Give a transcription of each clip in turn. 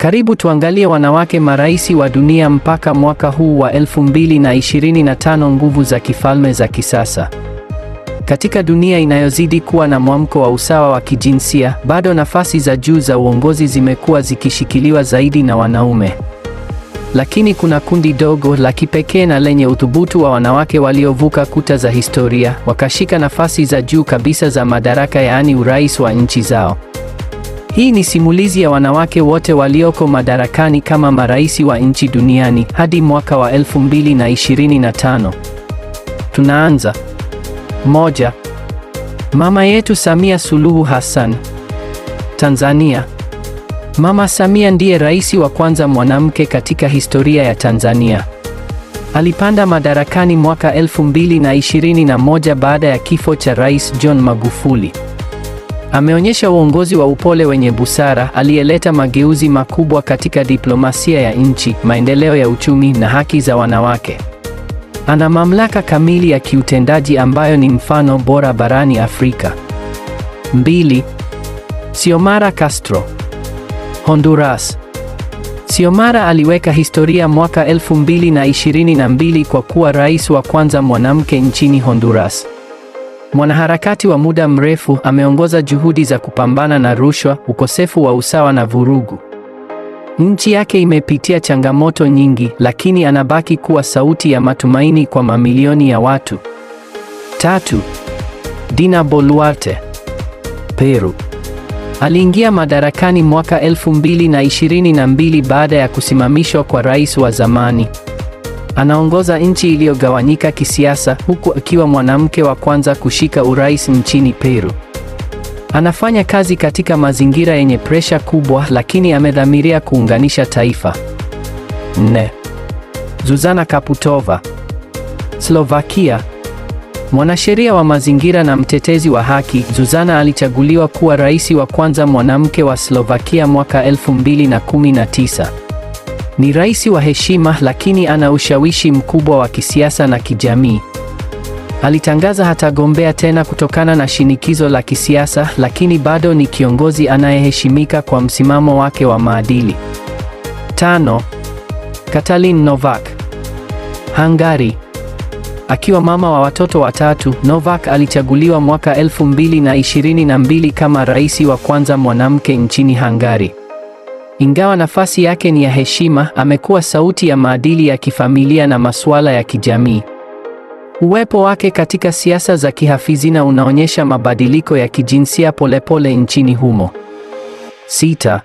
Karibu tuangalie wanawake maraisi wa dunia mpaka mwaka huu wa 2025, nguvu za kifalme za kisasa. Katika dunia inayozidi kuwa na mwamko wa usawa wa kijinsia, bado nafasi za juu za uongozi zimekuwa zikishikiliwa zaidi na wanaume. Lakini kuna kundi dogo la kipekee na lenye uthubutu wa wanawake waliovuka kuta za historia, wakashika nafasi za juu kabisa za madaraka, yaani urais wa nchi zao. Hii ni simulizi ya wanawake wote walioko madarakani kama marais wa nchi duniani hadi mwaka wa 2025. Tunaanza. Moja. Mama yetu Samia Suluhu Hassan. Tanzania. Mama Samia ndiye rais wa kwanza mwanamke katika historia ya Tanzania. Alipanda madarakani mwaka 2021 baada ya kifo cha Rais John Magufuli. Ameonyesha uongozi wa upole wenye busara aliyeleta mageuzi makubwa katika diplomasia ya nchi, maendeleo ya uchumi na haki za wanawake. Ana mamlaka kamili ya kiutendaji ambayo ni mfano bora barani Afrika. Mbili. Xiomara Castro, Honduras. Xiomara aliweka historia mwaka 2022 kwa kuwa rais wa kwanza mwanamke nchini Honduras. Mwanaharakati wa muda mrefu ameongoza juhudi za kupambana na rushwa, ukosefu wa usawa na vurugu. Nchi yake imepitia changamoto nyingi, lakini anabaki kuwa sauti ya matumaini kwa mamilioni ya watu. Tatu, Dina Boluarte, Peru. Aliingia madarakani mwaka 2022 baada ya kusimamishwa kwa rais wa zamani Anaongoza nchi iliyogawanyika kisiasa huku akiwa mwanamke wa kwanza kushika urais nchini Peru. Anafanya kazi katika mazingira yenye presha kubwa lakini amedhamiria kuunganisha taifa. Nne. Zuzana Kaputova. Slovakia. Mwanasheria wa mazingira na mtetezi wa haki, Zuzana alichaguliwa kuwa rais wa kwanza mwanamke wa Slovakia mwaka 2019. Ni rais wa heshima, lakini ana ushawishi mkubwa wa kisiasa na kijamii. Alitangaza hatagombea tena kutokana na shinikizo la kisiasa, lakini bado ni kiongozi anayeheshimika kwa msimamo wake wa maadili. Tano, Katalin Novak, Hungary. Akiwa mama wa watoto watatu, Novak alichaguliwa mwaka 2022 kama rais wa kwanza mwanamke nchini Hungary. Ingawa nafasi yake ni ya heshima, amekuwa sauti ya maadili ya kifamilia na masuala ya kijamii. Uwepo wake katika siasa za kihafidhina unaonyesha mabadiliko ya kijinsia polepole nchini humo. Sita.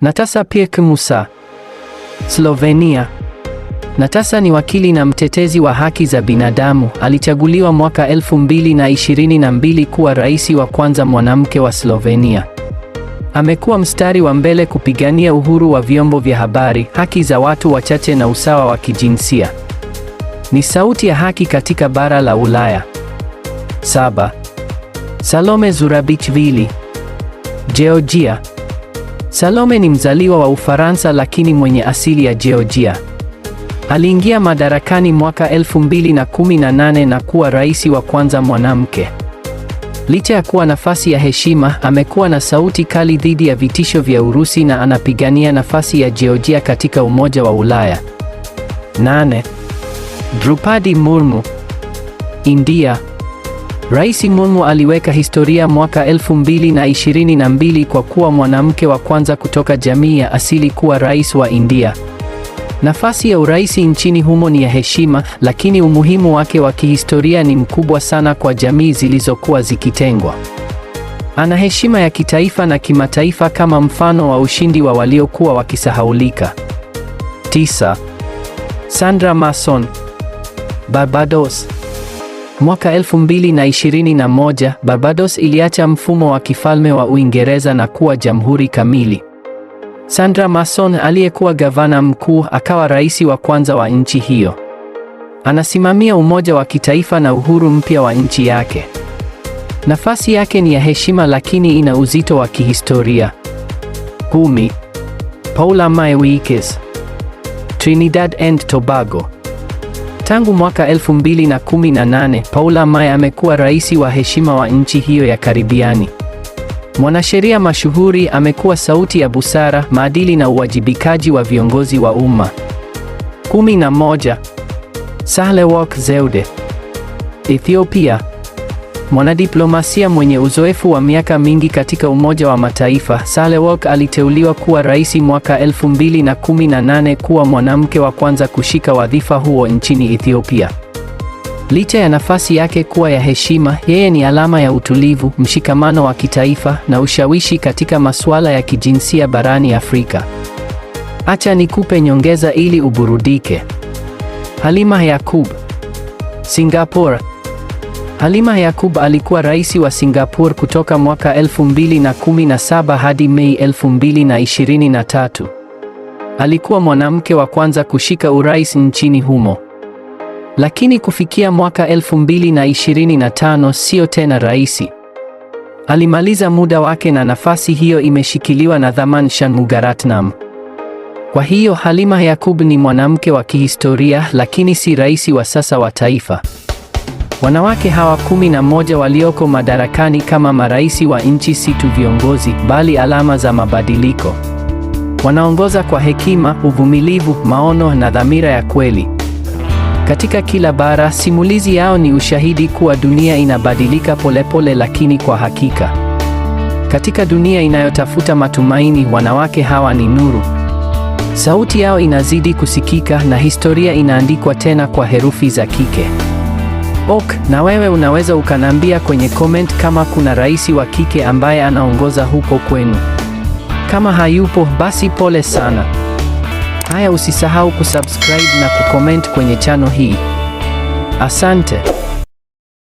Natasa Pirk Musa, Slovenia. Natasa ni wakili na mtetezi wa haki za binadamu. Alichaguliwa mwaka 2022 kuwa rais wa kwanza mwanamke wa Slovenia. Amekuwa mstari wa mbele kupigania uhuru wa vyombo vya habari, haki za watu wachache na usawa wa kijinsia. Ni sauti ya haki katika bara la Ulaya. Saba. Salome Zurabichvili, Georgia. Salome ni mzaliwa wa Ufaransa lakini mwenye asili ya Georgia. Aliingia madarakani mwaka 2018 na kuwa rais wa kwanza mwanamke. Licha ya kuwa nafasi ya heshima, amekuwa na sauti kali dhidi ya vitisho vya Urusi na anapigania nafasi ya Georgia katika Umoja wa Ulaya. Nane. Drupadi Murmu, India. Rais Murmu aliweka historia mwaka 2022 kwa kuwa mwanamke wa kwanza kutoka jamii ya asili kuwa rais wa India. Nafasi ya urais nchini humo ni ya heshima, lakini umuhimu wake wa kihistoria ni mkubwa sana kwa jamii zilizokuwa zikitengwa. Ana heshima ya kitaifa na kimataifa kama mfano wa ushindi wa waliokuwa wakisahaulika. Tisa. Sandra Mason, Barbados. Mwaka 2021, Barbados iliacha mfumo wa kifalme wa Uingereza na kuwa jamhuri kamili. Sandra Mason aliyekuwa gavana mkuu akawa rais wa kwanza wa nchi hiyo. Anasimamia umoja wa kitaifa na uhuru mpya wa nchi yake. Nafasi yake ni ya heshima lakini ina uzito wa kihistoria. Kumi. Paula Maewikes, Trinidad and Tobago. Tangu mwaka 2018, Paula Mae amekuwa rais wa heshima wa nchi hiyo ya Karibiani. Mwanasheria mashuhuri amekuwa sauti ya busara, maadili na uwajibikaji wa viongozi wa umma. 11. Sahle-Work Zewde, Ethiopia. Mwanadiplomasia mwenye uzoefu wa miaka mingi katika Umoja wa Mataifa, Sahle-Work aliteuliwa kuwa rais mwaka 2018 kuwa mwanamke wa kwanza kushika wadhifa huo nchini Ethiopia. Licha ya nafasi yake kuwa ya heshima, yeye ni alama ya utulivu, mshikamano wa kitaifa na ushawishi katika masuala ya kijinsia barani Afrika. Acha nikupe nyongeza ili uburudike. Halima Yakub, Singapore. Halima Yakub alikuwa rais wa Singapore kutoka mwaka 2017 hadi Mei 2023. Alikuwa mwanamke wa kwanza kushika urais nchini humo. Lakini kufikia mwaka 2025 sio tena rahisi. Alimaliza muda wake na nafasi hiyo imeshikiliwa na Thaman Shanmugaratnam. Kwa hiyo Halima Yakub ni mwanamke wa kihistoria, lakini si rais wa sasa wa taifa. Wanawake hawa kumi na moja walioko madarakani kama marais wa nchi si tu viongozi, bali alama za mabadiliko. Wanaongoza kwa hekima, uvumilivu, maono na dhamira ya kweli. Katika kila bara, simulizi yao ni ushahidi kuwa dunia inabadilika polepole lakini kwa hakika. Katika dunia inayotafuta matumaini, wanawake hawa ni nuru. Sauti yao inazidi kusikika na historia inaandikwa tena kwa herufi za kike. Ok, na wewe unaweza ukanambia kwenye comment kama kuna rais wa kike ambaye anaongoza huko kwenu. Kama hayupo, basi pole sana. Haya, usisahau kusubscribe na kucomment kwenye chano hii. Asante.